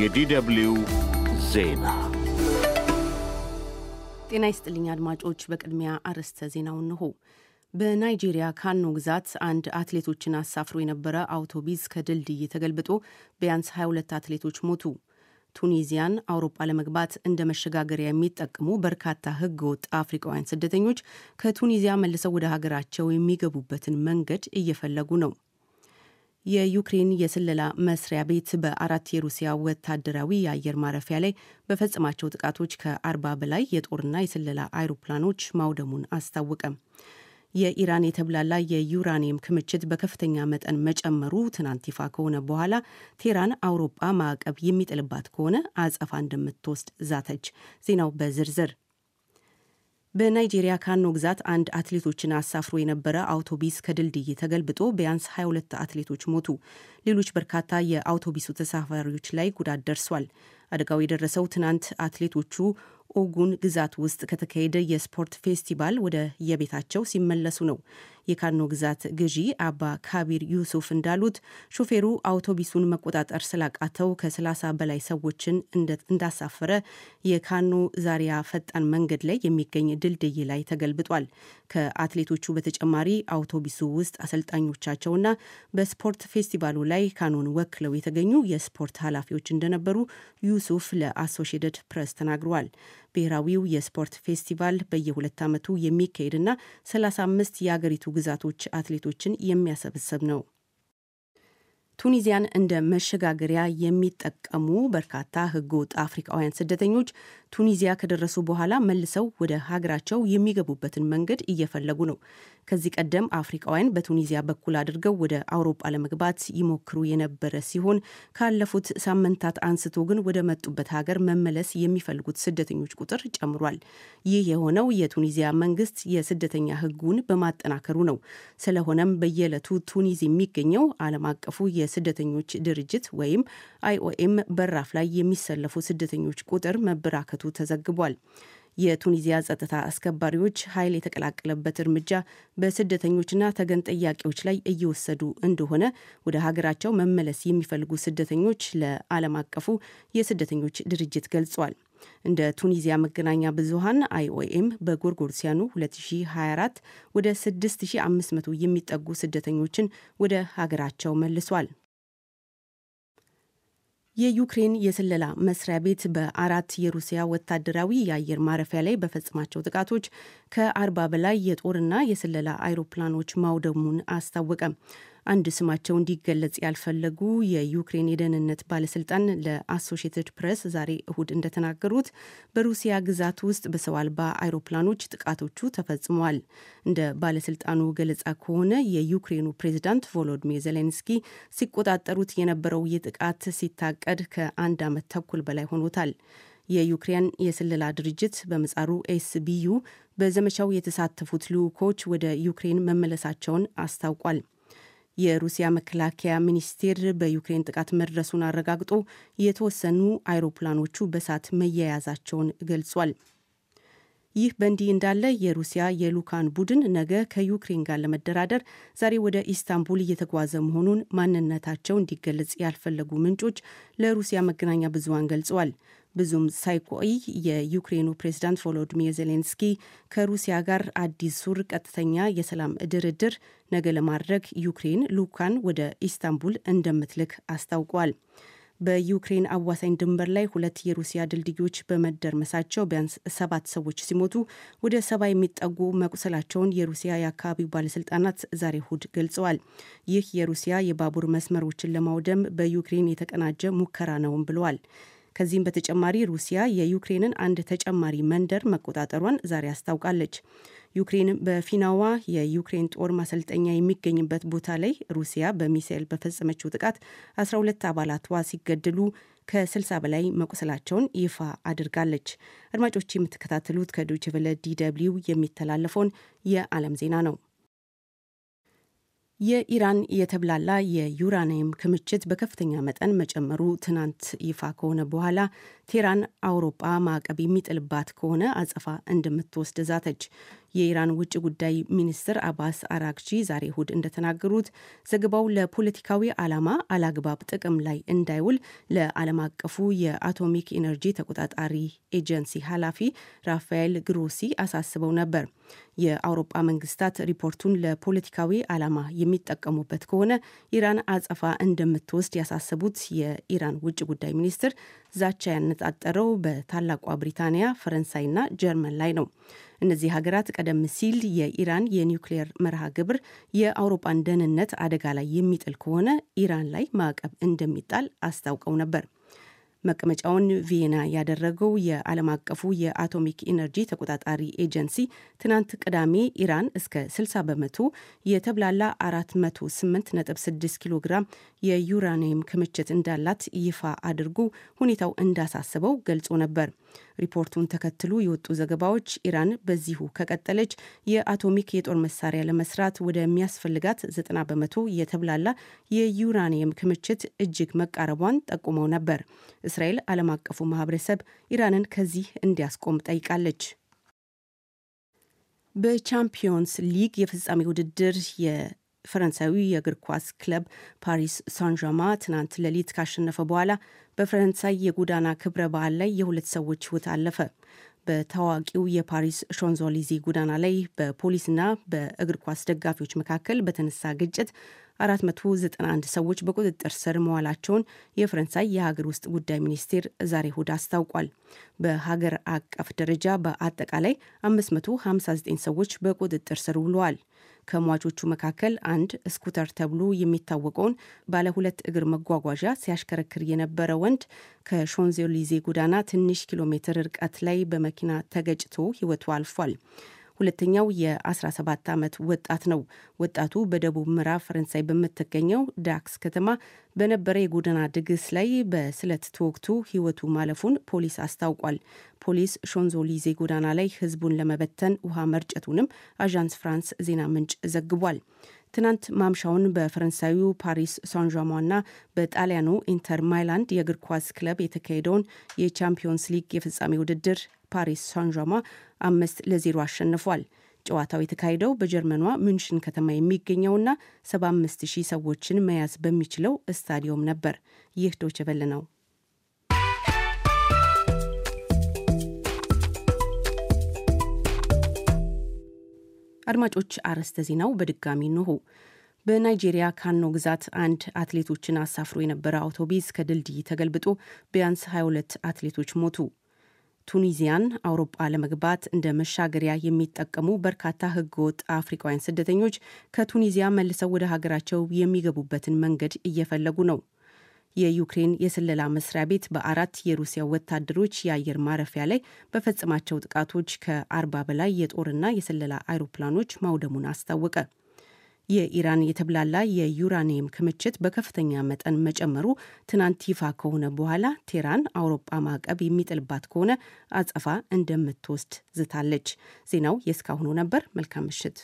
የዲደብልዩ ዜና ጤና ይስጥልኝ አድማጮች። በቅድሚያ አርዕስተ ዜናው እንሆ። በናይጄሪያ ካኖ ግዛት አንድ አትሌቶችን አሳፍሮ የነበረ አውቶቢስ ከድልድይ ተገልብጦ ቢያንስ 22 አትሌቶች ሞቱ። ቱኒዚያን አውሮፓ ለመግባት እንደ መሸጋገሪያ የሚጠቅሙ በርካታ ህገወጥ አፍሪካውያን ስደተኞች ከቱኒዚያ መልሰው ወደ ሀገራቸው የሚገቡበትን መንገድ እየፈለጉ ነው። የዩክሬን የስለላ መስሪያ ቤት በአራት የሩሲያ ወታደራዊ የአየር ማረፊያ ላይ በፈጸማቸው ጥቃቶች ከአርባ በላይ የጦርና የስለላ አይሮፕላኖች ማውደሙን አስታወቀም። የኢራን የተብላላ የዩራኒየም ክምችት በከፍተኛ መጠን መጨመሩ ትናንት ይፋ ከሆነ በኋላ ቴህራን አውሮፓ ማዕቀብ የሚጥልባት ከሆነ አጸፋ እንደምትወስድ ዛተች። ዜናው በዝርዝር በናይጄሪያ ካኖ ግዛት አንድ አትሌቶችን አሳፍሮ የነበረ አውቶቢስ ከድልድይ ተገልብጦ ቢያንስ 22 አትሌቶች ሞቱ። ሌሎች በርካታ የአውቶቢሱ ተሳፋሪዎች ላይ ጉዳት ደርሷል። አደጋው የደረሰው ትናንት አትሌቶቹ ኦጉን ግዛት ውስጥ ከተካሄደ የስፖርት ፌስቲቫል ወደ የቤታቸው ሲመለሱ ነው። የካኖ ግዛት ገዢ አባ ካቢር ዩሱፍ እንዳሉት ሾፌሩ አውቶቢሱን መቆጣጠር ስላቃተው ከ30 በላይ ሰዎችን እንዳሳፈረ የካኖ ዛሪያ ፈጣን መንገድ ላይ የሚገኝ ድልድይ ላይ ተገልብጧል። ከአትሌቶቹ በተጨማሪ አውቶቢሱ ውስጥ አሰልጣኞቻቸውና በስፖርት ፌስቲቫሉ ላይ ካኖን ወክለው የተገኙ የስፖርት ኃላፊዎች እንደነበሩ ዩሱፍ ለአሶሺየትድ ፕሬስ ተናግረዋል። ብሔራዊው የስፖርት ፌስቲቫል በየሁለት ዓመቱ የሚካሄድና 35 የአገሪቱ ግዛቶች አትሌቶችን የሚያሰበስብ ነው። ቱኒዚያን እንደ መሸጋገሪያ የሚጠቀሙ በርካታ ህገወጥ አፍሪካውያን ስደተኞች ቱኒዚያ ከደረሱ በኋላ መልሰው ወደ ሀገራቸው የሚገቡበትን መንገድ እየፈለጉ ነው። ከዚህ ቀደም አፍሪካውያን በቱኒዚያ በኩል አድርገው ወደ አውሮፓ ለመግባት ይሞክሩ የነበረ ሲሆን ካለፉት ሳምንታት አንስቶ ግን ወደ መጡበት ሀገር መመለስ የሚፈልጉት ስደተኞች ቁጥር ጨምሯል። ይህ የሆነው የቱኒዚያ መንግስት የስደተኛ ሕጉን በማጠናከሩ ነው። ስለሆነም በየዕለቱ ቱኒዝ የሚገኘው ዓለም አቀፉ የስደተኞች ድርጅት ወይም አይኦኤም በራፍ ላይ የሚሰለፉ ስደተኞች ቁጥር መበራከ መመልከቱ ተዘግቧል። የቱኒዚያ ጸጥታ አስከባሪዎች ኃይል የተቀላቀለበት እርምጃ በስደተኞችና ተገን ጠያቂዎች ላይ እየወሰዱ እንደሆነ ወደ ሀገራቸው መመለስ የሚፈልጉ ስደተኞች ለዓለም አቀፉ የስደተኞች ድርጅት ገልጿል። እንደ ቱኒዚያ መገናኛ ብዙሃን አይኦኤም በጎርጎርሲያኑ 2024 ወደ 6500 የሚጠጉ ስደተኞችን ወደ ሀገራቸው መልሷል። የዩክሬን የስለላ መስሪያ ቤት በአራት የሩሲያ ወታደራዊ የአየር ማረፊያ ላይ በፈጸማቸው ጥቃቶች ከአርባ በላይ የጦርና የስለላ አይሮፕላኖች ማውደሙን አስታወቀ። አንድ ስማቸው እንዲገለጽ ያልፈለጉ የዩክሬን የደህንነት ባለስልጣን ለአሶሽትድ ፕሬስ ዛሬ እሁድ እንደተናገሩት በሩሲያ ግዛት ውስጥ በሰው አልባ አይሮፕላኖች ጥቃቶቹ ተፈጽመዋል። እንደ ባለስልጣኑ ገለጻ ከሆነ የዩክሬኑ ፕሬዚዳንት ቮሎዲሚር ዜሌንስኪ ሲቆጣጠሩት የነበረው የጥቃት ሲታቀድ ከአንድ ዓመት ተኩል በላይ ሆኖታል። የዩክሬን የስለላ ድርጅት በምጻሩ ኤስቢዩ በዘመቻው የተሳተፉት ልዑኮች ወደ ዩክሬን መመለሳቸውን አስታውቋል። የሩሲያ መከላከያ ሚኒስቴር በዩክሬን ጥቃት መድረሱን አረጋግጦ የተወሰኑ አይሮፕላኖቹ በእሳት መያያዛቸውን ገልጿል። ይህ በእንዲህ እንዳለ የሩሲያ የሉካን ቡድን ነገ ከዩክሬን ጋር ለመደራደር ዛሬ ወደ ኢስታንቡል እየተጓዘ መሆኑን ማንነታቸው እንዲገለጽ ያልፈለጉ ምንጮች ለሩሲያ መገናኛ ብዙሃን ገልጸዋል። ብዙም ሳይቆይ የዩክሬኑ ፕሬዝዳንት ቮሎዲሚር ዜሌንስኪ ከሩሲያ ጋር አዲስ ዙር ቀጥተኛ የሰላም ድርድር ነገ ለማድረግ ዩክሬን ሉካን ወደ ኢስታንቡል እንደምትልክ አስታውቋል። በዩክሬን አዋሳኝ ድንበር ላይ ሁለት የሩሲያ ድልድዮች በመደርመሳቸው ቢያንስ ሰባት ሰዎች ሲሞቱ ወደ ሰባ የሚጠጉ መቁሰላቸውን የሩሲያ የአካባቢው ባለስልጣናት ዛሬ እሁድ ገልጸዋል። ይህ የሩሲያ የባቡር መስመሮችን ለማውደም በዩክሬን የተቀናጀ ሙከራ ነውም ብለዋል። ከዚህም በተጨማሪ ሩሲያ የዩክሬንን አንድ ተጨማሪ መንደር መቆጣጠሯን ዛሬ አስታውቃለች። ዩክሬን በፊናዋ የዩክሬን ጦር ማሰልጠኛ የሚገኝበት ቦታ ላይ ሩሲያ በሚሳኤል በፈጸመችው ጥቃት 12 አባላቷ ሲገደሉ ከ60 በላይ መቁሰላቸውን ይፋ አድርጋለች። አድማጮች የምትከታተሉት ከዶችቨለ ዲ ደብልዩ የሚተላለፈውን የዓለም ዜና ነው። የኢራን የተብላላ የዩራኒየም ክምችት በከፍተኛ መጠን መጨመሩ ትናንት ይፋ ከሆነ በኋላ ቴራን አውሮጳ ማዕቀብ የሚጥልባት ከሆነ አጸፋ እንደምትወስድ ዛተች። የኢራን ውጭ ጉዳይ ሚኒስትር አባስ አራግቺ ዛሬ እሁድ እንደተናገሩት ዘገባው ለፖለቲካዊ ዓላማ አላግባብ ጥቅም ላይ እንዳይውል ለዓለም አቀፉ የአቶሚክ ኢነርጂ ተቆጣጣሪ ኤጀንሲ ኃላፊ ራፋኤል ግሮሲ አሳስበው ነበር። የአውሮፓ መንግስታት ሪፖርቱን ለፖለቲካዊ ዓላማ የሚጠቀሙበት ከሆነ ኢራን አጸፋ እንደምትወስድ ያሳሰቡት የኢራን ውጭ ጉዳይ ሚኒስትር ዛቻ ያነጣጠረው በታላቋ ብሪታንያ፣ ፈረንሳይና ጀርመን ላይ ነው። እነዚህ ሀገራት ቀደም ሲል የኢራን የኒውክሌር መርሃ ግብር የአውሮፓን ደህንነት አደጋ ላይ የሚጥል ከሆነ ኢራን ላይ ማዕቀብ እንደሚጣል አስታውቀው ነበር። መቀመጫውን ቪየና ያደረገው የዓለም አቀፉ የአቶሚክ ኢነርጂ ተቆጣጣሪ ኤጀንሲ ትናንት ቅዳሜ ኢራን እስከ 60 በመቶ የተብላላ 408.6 ኪሎ ግራም የዩራኒየም ክምችት እንዳላት ይፋ አድርጎ ሁኔታው እንዳሳስበው ገልጾ ነበር። ሪፖርቱን ተከትሎ የወጡ ዘገባዎች ኢራን በዚሁ ከቀጠለች የአቶሚክ የጦር መሳሪያ ለመስራት ወደሚያስፈልጋት 90 በመቶ የተብላላ የዩራኒየም ክምችት እጅግ መቃረቧን ጠቁመው ነበር። እስራኤል ዓለም አቀፉ ማህበረሰብ ኢራንን ከዚህ እንዲያስቆም ጠይቃለች። በቻምፒዮንስ ሊግ የፍጻሜ ውድድር የፈረንሳዊ የእግር ኳስ ክለብ ፓሪስ ሳንዣማ ትናንት ሌሊት ካሸነፈ በኋላ በፈረንሳይ የጎዳና ክብረ በዓል ላይ የሁለት ሰዎች ህይወት አለፈ። በታዋቂው የፓሪስ ሾንዞሊዚ ጎዳና ላይ በፖሊስና በእግር ኳስ ደጋፊዎች መካከል በተነሳ ግጭት 491 ሰዎች በቁጥጥር ስር መዋላቸውን የፈረንሳይ የሀገር ውስጥ ጉዳይ ሚኒስቴር ዛሬ እሁድ አስታውቋል። በሀገር አቀፍ ደረጃ በአጠቃላይ 559 ሰዎች በቁጥጥር ስር ውለዋል። ከሟቾቹ መካከል አንድ ስኩተር ተብሎ የሚታወቀውን ባለ ሁለት እግር መጓጓዣ ሲያሽከረክር የነበረ ወንድ ከሾንዜሊዜ ጎዳና ትንሽ ኪሎ ሜትር ርቀት ላይ በመኪና ተገጭቶ ህይወቱ አልፏል። ሁለተኛው የ17 ዓመት ወጣት ነው። ወጣቱ በደቡብ ምዕራብ ፈረንሳይ በምትገኘው ዳክስ ከተማ በነበረ የጎዳና ድግስ ላይ በስለት ተወግቶ ሕይወቱ ማለፉን ፖሊስ አስታውቋል። ፖሊስ ሾንዞሊዜ ጎዳና ላይ ህዝቡን ለመበተን ውሃ መርጨቱንም አዣንስ ፍራንስ ዜና ምንጭ ዘግቧል። ትናንት ማምሻውን በፈረንሳዩ ፓሪስ ሳንዣማና በጣሊያኑ ኢንተር ማይላንድ የእግር ኳስ ክለብ የተካሄደውን የቻምፒዮንስ ሊግ የፍጻሜ ውድድር ፓሪስ ሳንዣማ አምስት ለዜሮ አሸንፏል። ጨዋታው የተካሄደው በጀርመኗ ምንሽን ከተማ የሚገኘውና 75 ሺህ ሰዎችን መያዝ በሚችለው ስታዲየም ነበር። ይህ ዶችቨል ነው። አድማጮች፣ አርዕስተ ዜናው በድጋሚ እንሆ። በናይጄሪያ ካኖ ግዛት አንድ አትሌቶችን አሳፍሮ የነበረ አውቶቢስ ከድልድይ ተገልብጦ ቢያንስ 22 አትሌቶች ሞቱ። ቱኒዚያን አውሮፓ ለመግባት እንደ መሻገሪያ የሚጠቀሙ በርካታ ህገወጥ አፍሪካውያን ስደተኞች ከቱኒዚያ መልሰው ወደ ሀገራቸው የሚገቡበትን መንገድ እየፈለጉ ነው። የዩክሬን የስለላ መስሪያ ቤት በአራት የሩሲያ ወታደሮች የአየር ማረፊያ ላይ በፈጸማቸው ጥቃቶች ከአርባ በላይ የጦርና የስለላ አይሮፕላኖች ማውደሙን አስታወቀ። የኢራን የተብላላ የዩራኒየም ክምችት በከፍተኛ መጠን መጨመሩ ትናንት ይፋ ከሆነ በኋላ ቴራን አውሮፓ ማዕቀብ የሚጥልባት ከሆነ አጸፋ እንደምትወስድ ዝታለች። ዜናው የእስካሁኑ ነበር። መልካም ምሽት።